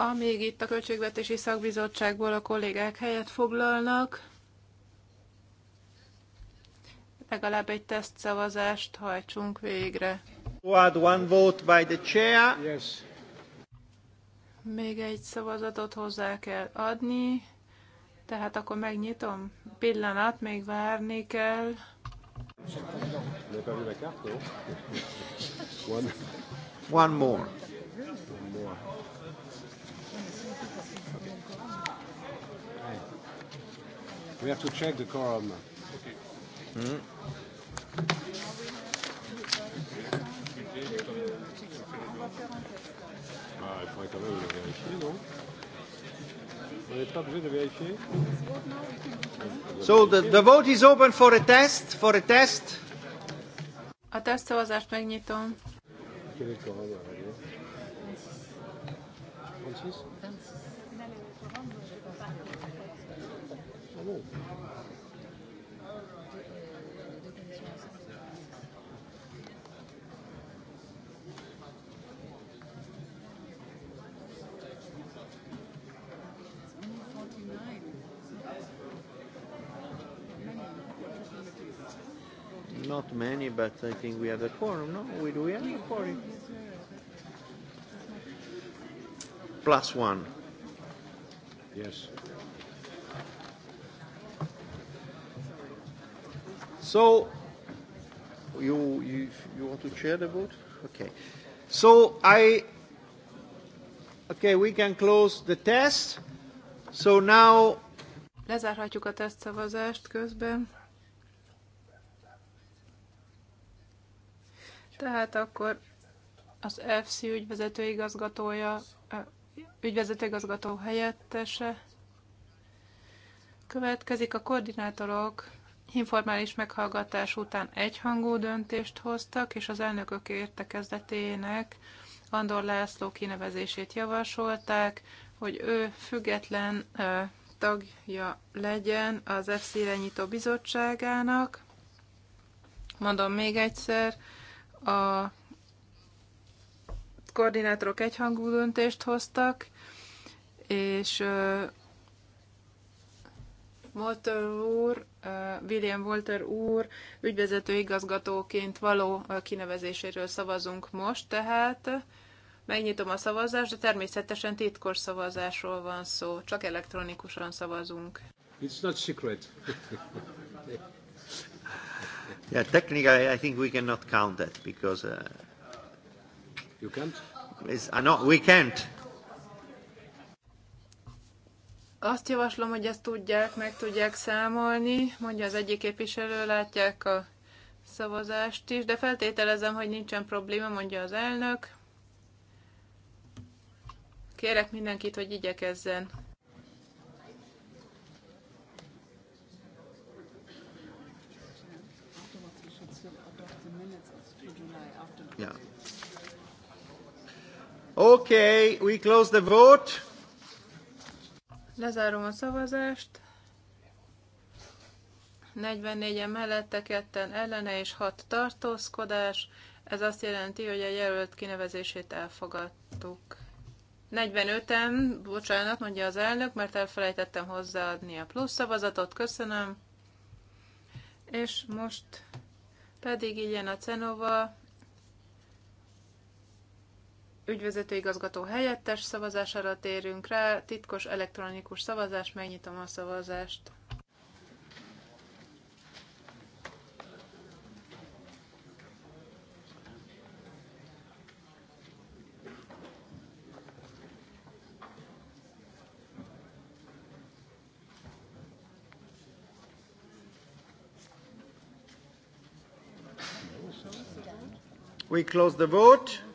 amíg itt a Költségvetési Szakbizottságból a kollégák helyet foglalnak, legalább egy tesztszavazást hajtsunk végre. one vote by the chair. Yes. Még egy szavazatot hozzá kell adni, tehát akkor megnyitom. Pillanat, még várni kell n'avez pas vu la carte, non One. One more. One more. Okay. We have to check the quorum. Okay. Mm. Ah, il faudrait quand même le vérifier, non On n'est pas obligé de vérifier So the, the vote is open for a test, for a test. A tesztszavazást megnyitom. Köszönöm. not many, but I think we have a quorum, no? We do we have a quorum? Plus one. Yes. So, you, you, you want to chair the vote? Okay. So, I, okay, we can close the test. So now... Lezárhatjuk a tesztszavazást közben. Tehát akkor az FC ügyvezető igazgatója, ügyvezető igazgató helyettese következik. A koordinátorok informális meghallgatás után egyhangú döntést hoztak, és az elnökök értekezletének Andor László kinevezését javasolták, hogy ő független tagja legyen az FC irányító bizottságának. Mondom még egyszer, a koordinátorok egyhangú döntést hoztak, és Walter úr, William Walter úr ügyvezető igazgatóként való kinevezéséről szavazunk most, tehát megnyitom a szavazást, de természetesen titkos szavazásról van szó, csak elektronikusan szavazunk. It's not secret. Yeah, technically, I think we cannot count that because. Uh, you can't? It's, uh, no, we can't. Azt javaslom, hogy ezt tudják, meg tudják számolni, mondja az egyik képviselő, látják a szavazást is, de feltételezem, hogy nincsen probléma, mondja az elnök. Kérek mindenkit, hogy igyekezzen Yeah. Okay, we close the vote. Lezárom a szavazást. 44-en mellette, ketten ellene és 6 tartózkodás. Ez azt jelenti, hogy a jelölt kinevezését elfogadtuk. 45-en, bocsánat, mondja az elnök, mert elfelejtettem hozzáadni a plusz szavazatot, köszönöm. És most pedig igen a Cenova ügyvezető igazgató helyettes szavazására térünk rá, titkos elektronikus szavazás, megnyitom a szavazást. We close the vote.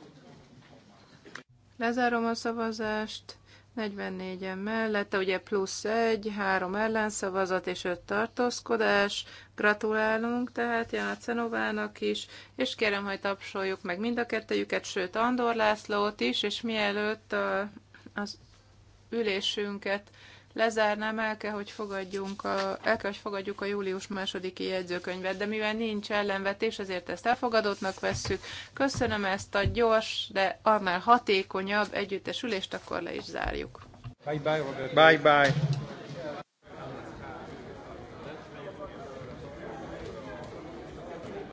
Lezárom a szavazást. 44-en mellette, ugye plusz egy, három ellenszavazat és öt tartózkodás. Gratulálunk tehát Jánacenovának is, és kérem, hogy tapsoljuk meg mind a kettőjüket, sőt Andor Lászlót is, és mielőtt a, az ülésünket lezárnám, el kell, hogy fogadjunk a, el kell, hogy fogadjuk a július másodiki jegyzőkönyvet, de mivel nincs ellenvetés, ezért ezt elfogadottnak vesszük. Köszönöm ezt a gyors, de annál hatékonyabb együttesülést, akkor le is zárjuk. Bye bye, Robert. Bye bye.